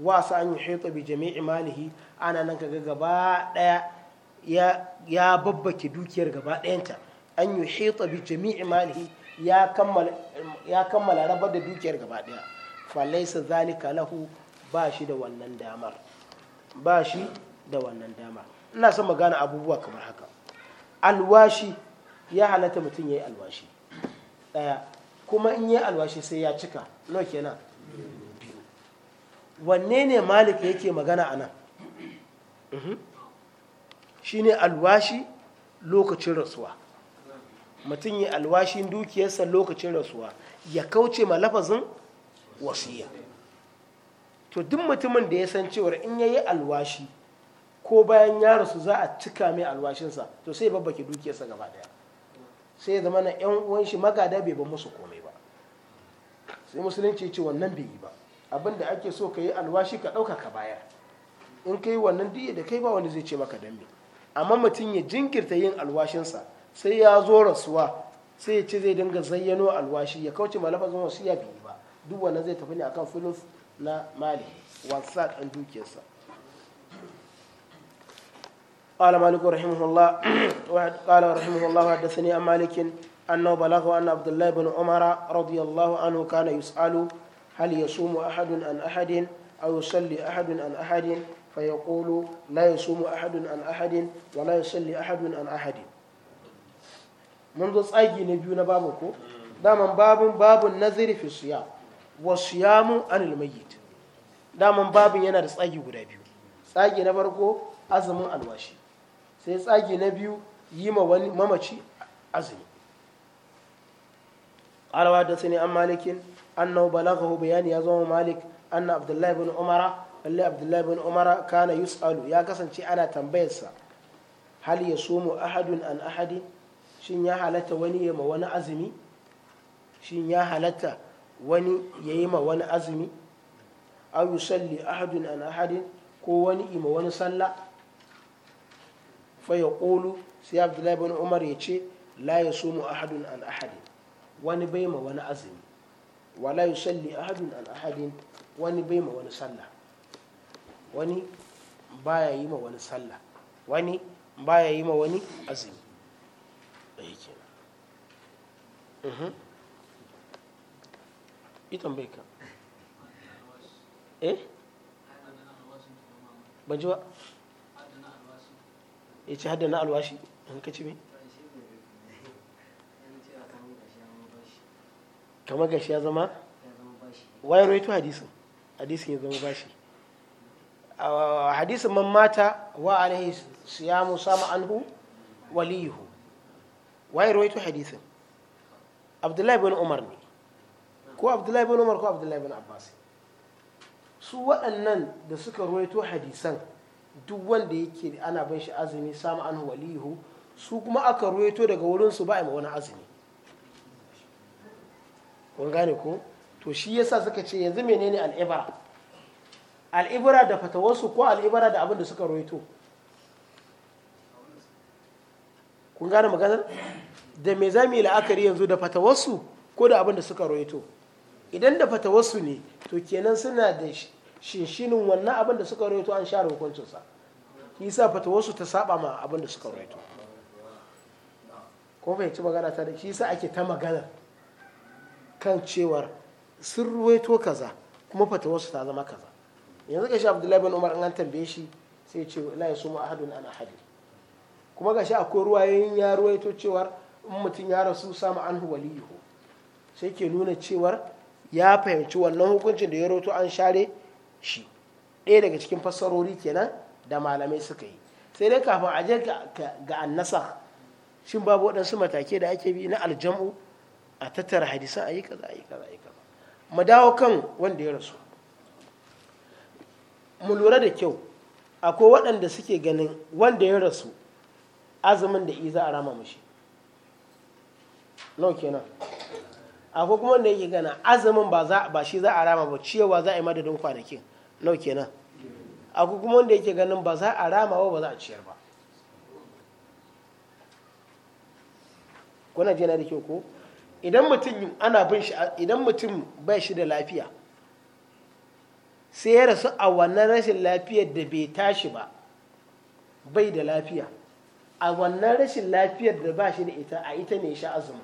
wa sa an yuhita bi jami'i malihi ana nan ka ga gaba ɗaya. ya babbake dukiyar gaba ɗayanta an yi hita bi jami'i malihi ya kammala rabar da dukiyar gaba ɗaya falaisa zalika lahu ba shi da wannan damar ba shi da wannan damar ina son magana abubuwa kamar haka alwashi ya halatta mutum ya yi alwashi ɗaya kuma in yi alwashi sai ya cika nawa kenan wanne ne malik yake magana a nan mhm. shine alwashi lokacin rasuwa mutum yi alwashin dukiyarsa lokacin rasuwa ya kauce ma lafazin wasiya to duk mutumin da ya san cewar in ya yi alwashi ko bayan ya rasu za a cika mai alwashinsa to sai babbake dukiyarsa gaba daya sai ya zama na yan uwan shi magada bai ba musu komai ba sai musulunci ce wannan bai yi ba abin da ake so ka yi alwashi ka ɗauka ka bayar in ka yi wannan diya da kai ba wani zai ce maka dambe amma mutum ya jinkirta yin alwashinsa sai ya zo rasuwa sai ya ce zai dinga zayyano alwashi ya kauce ma lafazin wasiya ya biyu ba duk wannan zai tafi ne akan fulus na mali wasa ɗan dukiyarsa قال مالك رحمه الله قال رحمه الله حدثني عن مالك أنه بلغه أن عبد الله بن عمر رضي الله عنه كان يسأل هل يصوم أحد عن أحد أو يصلي أحد عن أحد فيقول لا يصوم أحد عن أحد ولا يصلي أحد عن أحد منذ تساجي نبيو نبابكو دائما باب باب النذر في الصيام والصيام عن الميت باب ينا tsagi guda biyu tsagi na farko azumin alwashi sai tsagi na biyu yi ma wani mamaci azumi قال وحدثني عن مالك أنه بلغه بيان zama مالك أن عبد الله بن عمر lalle abdullahi bin umara kana yus'alu ya kasance ana tambayarsa hal ya sumu ahadun an ahadin shin ya halatta wani ya ma wani azumi shin ya halatta wani ya yi ma wani azumi yi salli ahadun an ahadin ko wani ima wani salla fa ya ƙolu sai abdullahi bin umar ya ce la ya sumu ahadun an ahadin wani bai ma wani azumi wala yusalli ahadun an ahadin wani bai ma wani sallah wani baya yi ma wani sallah wani baya yi ma wani azumi da yake ita bai ka eh ban ji ba ya ci haddana alwashi in ka ci me kama gashi ya zama wayar rawaito hadisin hadisin ya zama bashi hadisin man mata wa alaihi siyamu sama anhu waliyuhu waye rawaito hadisin abdullahi bin umar ne ko abdullahi bin umar ko abdullahi bin abbas su waɗannan da suka rawaito hadisan duk wanda yake ana bin shi azumi sama anhu waliyuhu su kuma aka rawaito daga wurinsu ba a ma wani azumi kun gane ko to shi yasa suka ce yanzu menene al'ibara Al'ibira da fatawarsu ko al'ibira da abin da suka roito kun gane maganar da me za mu yi la'akari yanzu da fatawarsu ko da abin da suka roito idan da fatawarsu ne to kenan suna da shinshinin wannan abin da suka roito an share hukuncinsa yasa fatawarsu ta saba ma abin da suka roito Kuma fahimci magana ta da shi sa ake ta magana kan cewar sun ruwaito kaza kuma fatawarsu ta zama kaza yanzu shi abdullahi bin umar an tambaye shi sai ce la ya suma ahadun an ahadi kuma shi akwai ruwayoyin ya ruwaito cewar in mutum ya rasu samu anhu waliyuhu sai ke nuna cewar ya fahimci wannan hukuncin da ya roto an share shi ɗaya daga cikin fassarori kenan da malamai suka yi sai dai kafin a je ga annasa shin babu waɗansu matake da ake bi na aljam'u a tattara hadisan a yi kaza a kaza a yi kaza mu dawo kan wanda ya rasu mu lura da kyau akwai waɗanda suke ganin wanda ya rasu azumin da iza a rama mashi nau kenan akwai kuma wanda yake gana azumin ba shi za a rama ba cewa za a yi madadin kwanakin nau kenan akwai kuma wanda yake ganin ba za a rama ba ba za a ciyar ba kuna jina da kyau ko idan mutum ana bin shi idan mutum bai shi da lafiya sai ya rasu a wannan rashin lafiyar da bai tashi ba bai da lafiya a wannan rashin lafiyar da ba shi da ita a ita ne sha azumi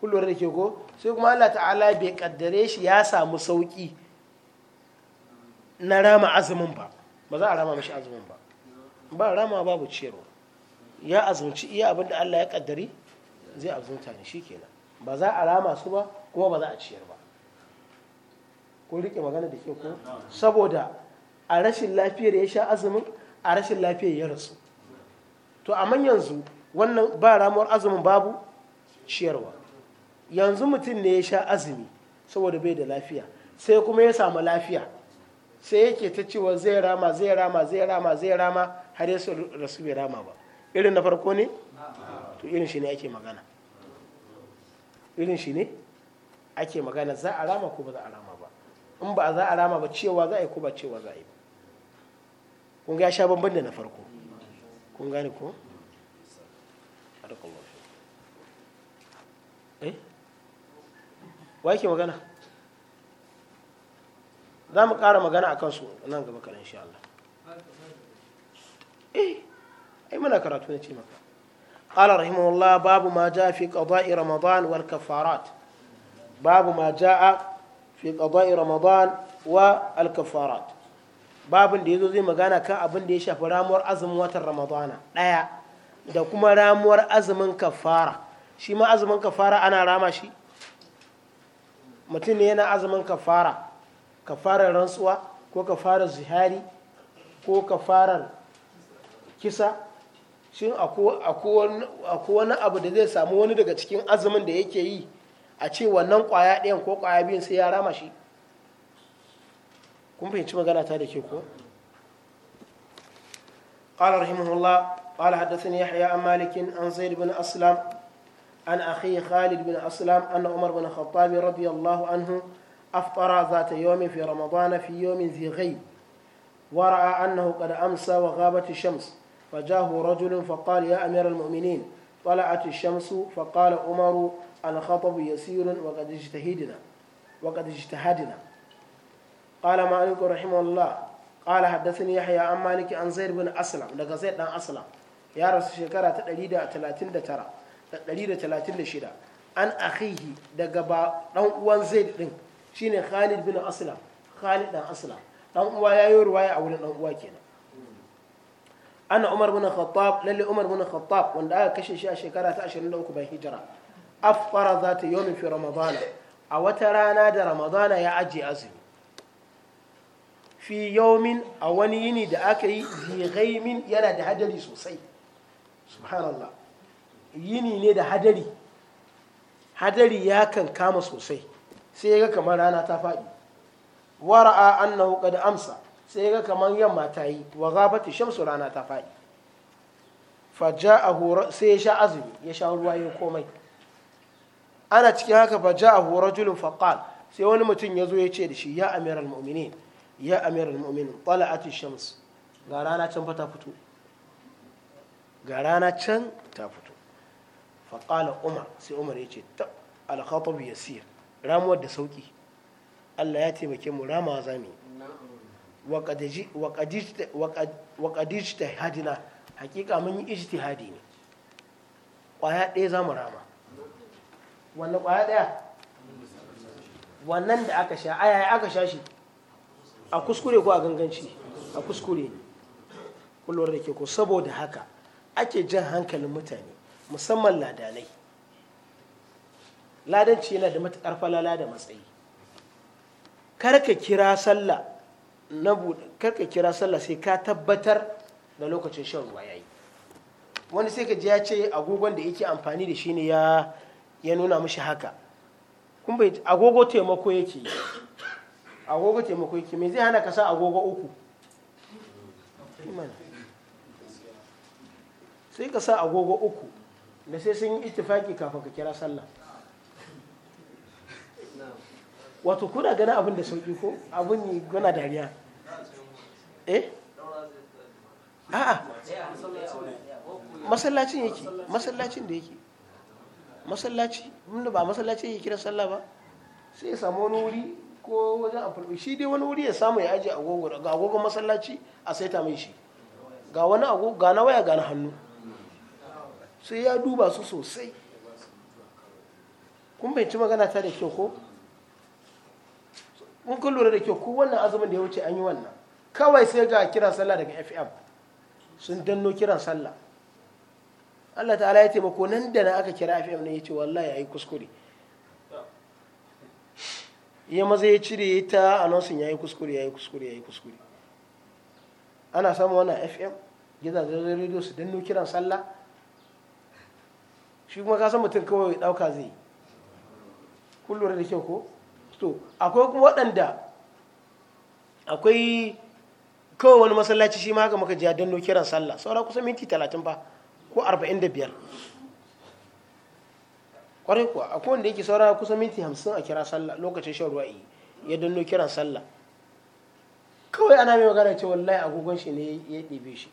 kullum da ke ko sai kuma Allah ta'ala bai kaddare shi ya samu sauki na rama azumin ba ba za a rama mashi azumin ba ba rama babu ciyarwa ya azumci iya abin da Allah ya kaddare zai azumta ne shikenan ba za a rama su ba kuma ba za a ciyar ba ko rike magana da ke ko saboda a rashin lafiyar ya sha azumin a rashin lafiyar ya rasu to amma yanzu wannan ba ramuwar azumin babu ciyarwa yanzu mutum ne ya sha azumi saboda bai da lafiya sai kuma ya samu lafiya sai yake ta cewa zai rama zai rama zai rama zai rama har ya rasu bai rama ba irin na farko ne to irin shi ne ake magana irin shi ne ake magana za a rama ko ba za a rama in ba za a rama ba cewa za a yi ko ba cewa za a yi kun ga ya sha bamban da na farko kun gane ko eh wa yake magana za mu ƙara magana a kansu nan gaba kaɗan insha Allah eh ai muna karatu na ce maka قال رحمه الله باب ما جاء في قضاء رمضان والكفارات باب ما جاء fi qada'i ramadan wa al babin da zo zai magana kan abin da ya shafi ramuwar azumin watan ramadana ɗaya da kuma ramuwar azumin kafara shi ma azumin kafara ana rama shi mutum ne yana azumin kafara kafarar rantsuwa ko kafarar zihari ko kafarar kisa shin akwai wani abu da zai samu wani daga cikin azumin da yake yi a ce wannan kwaya ɗayan ko kwaya biyun sai ya rama shi kun fahimci magana ta da ke ko قال رحمه الله قال حدثني يحيى عن مالك عن زيد بن أسلم عن أخيه خالد بن أسلم أن عمر بن الخطاب رضي الله عنه أفطر ذات يوم في رمضان في يوم ذي غيب ورأى أنه قد أمسى وغابت الشمس فجاءه رجل فقال يا أمير المؤمنين طلعت الشمس فقال عمر الخطب يسير وقد اجتهدنا وقد اجتهدنا قال مالك رحمه الله قال حدثني يحيى عن مالك عن زيد بن اسلم لقى زيد بن اسلم يا رسول شكرا تدريد تلاتين ترى تدريد تلاتين شدا عن أخيه دقبا نوم وان زيد دين شين خالد بن أسلم خالد بن أسلم نوم ويا يروي أولا نوم وكينا ana umar bin khattab lalle umar bin khattab wanda aka kashe shi a shekara ta 23 bayan hijira afara za ta yomi fi ramadana a wata rana da ramadana ya ajiye azumi fi yawmin a wani yini da aka yi zighaimin yana da hadari sosai subhanallah yini ne da hadari hadari ya kan kama sosai sai ya ga kamar rana ta faɗi wara'a annahu qad amsa sai ga kamar yamma ta yi wa gabata shamsu rana ta fadi faja'ahu sai ya sha azumi ya sha ruwa ya komai ana cikin haka faja'ahu rajulun faqal sai wani mutum ya zo ya ce da shi ya amir al mumini ya al-mu'mini mu'minin tala'ati shams ga rana can fa ta fito ga rana can ta fito faqala umar sai umar ya ce ta al-khatab yasir ramuwar da sauki Allah ya taimake mu ramawa zamani yi waƙadij ta hadina hakika mun yi ijtihadi ne ƙwaya ɗaya za mu rama wannan ƙwaya ɗaya wannan da aka sha aya ya aka sha shi a kuskure ko a ganganci a kuskure ne kullum da ke ko saboda haka ake jan hankalin mutane musamman ladanai ladanci yana da matuƙar falala da matsayi kar ka kira sallah na buɗe ka kira sallah sai ka tabbatar da lokacin shan ruwa ya yi wani sai ka ji ya ce agogon da yake amfani da shi ne ya nuna mashi haka kun bai agogo taimako yake agogo taimako yake me zai hana ka sa agogo uku sai ka sa agogo uku da sai sun yi itifaki kafin ka kira sallah wato kuna ganin abin da sauƙi ko abin yi gana dariya eh a'a masallacin yake masallacin da yake masallaci wanda ba masallaci yake kira sallah ba sai ya samu wani wuri ko wajen amfani shi dai wani wuri ya samu ya ajiye agogo ga agogon masallaci a ta mai shi ga wani agogo ga na waya ga na hannu sai ya duba su sosai kun bai ci magana ta da kyau ko in kun lura da kyau ko wannan azumin da ya wuce an yi wannan kawai sai ga kiran sallah daga fm sun danno kiran sallah allah ta'ala ya taimako nan da na aka kira fm ne ya ce wallahi ya yi kuskure ya maza ya cire ya ta anonsin ya yi kuskure ya yi kuskure ya yi kuskure ana samun wannan fm gidajen rediyo su danno kiran sallah shi kuma ka san mutum kawai ɗauka zai kullum da kyau ko so akwai kuma waɗanda akwai kawai wani masallaci shi ma haka muka jiya don kiran sallah saura kusan minti talatin ba ko arba'in da biyar kwarai kuwa akwai wanda yake saura kusan minti hamsin a kira sallah lokacin shan ruwa yi ya don kiran sallah kawai ana mai magana cewa wallahi agogon shi ne ya ɗebe shi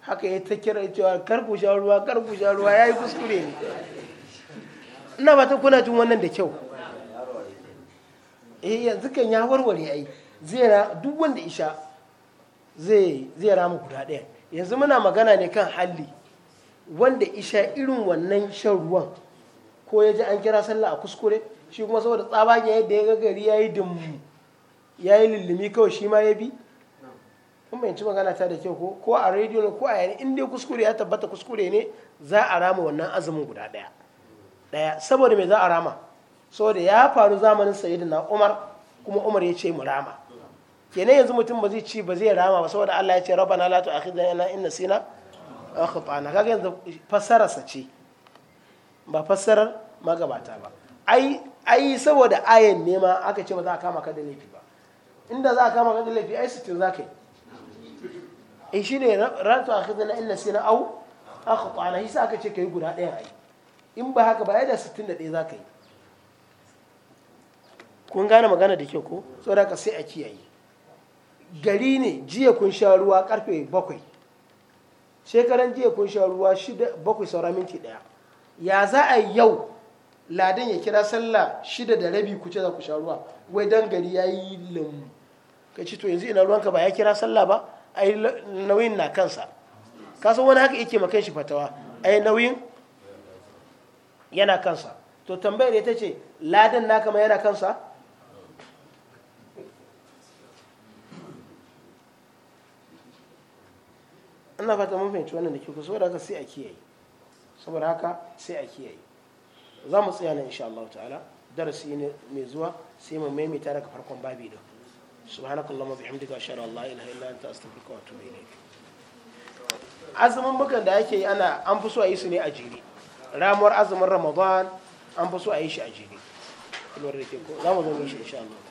haka ya ta kira cewa karku sha ruwa karku sha ruwa ya yi kuskure ne ina ba ta kuna jin wannan da kyau eh yanzu kan ya warware ai zai ra duk wanda isha zai zai mu guda ɗaya yanzu muna magana ne kan halli wanda isha irin wannan shan ruwan ko ya ji an kira sallah a kuskure shi kuma saboda tsabagen yadda ya ga gari ya yi dimmu ya yi lullumi kawai shi ma ya bi kun yanci magana ta da kyau ko a rediyo ko a yana inda kuskure ya tabbata kuskure ne za a rama wannan azumin guda ɗaya ɗaya saboda mai za a rama saboda ya faru zamanin sayyidina umar kuma umar ya ce mu rama kenan yanzu mutum ba zai ci ba zai rama ba saboda Allah ya ce latu rabbana la ina sina a aw khata'na kaga yanzu fassarar sa ce ba fassarar magabata ba ai ai saboda ayan ne ma aka ce ba za a kama ka da laifi ba inda za a kama ka da laifi ai sitin za ka yi ai eh, shine a tu'akhidna sina au a aw khata'na shi sa aka ce ka yi guda ɗaya ai in ba haka ba ai da 61 za ka yi kun gane magana da ke ko da ka sai a kiyaye gari ne jiya kun sha ruwa karfe bakwai shekaran jiya kun sha ruwa shida bakwai saura minti daya ya za a yau Ladin ya kira sallah shida da rabi ku ce za ku sha ruwa wai dan gari ya yi lamu ka ci to yanzu ina ruwanka ba ya kira sallah ba a yi nauyin na kansa kasan wani haka yake makan shi fatawa a yi nauyin yana kansa to tambayar ita ce Ladin na kama yana kansa ina fata mun fahimci wannan da ke kusa saboda haka sai a kiyaye saboda haka sai a kiyaye za mu tsaya nan insha Allah ta'ala darasi ne mai zuwa sai mu maimaita daga farkon babi din subhanakallahumma bihamdika ashhadu an la ilaha illa anta astaghfiruka wa atubu ilayk azumin bukan da ake yi ana an fi so a yi su ne a jere ramuwar azumin ramadan an fi so a yi shi a jere lura da ko za mu zo mu shi insha Allah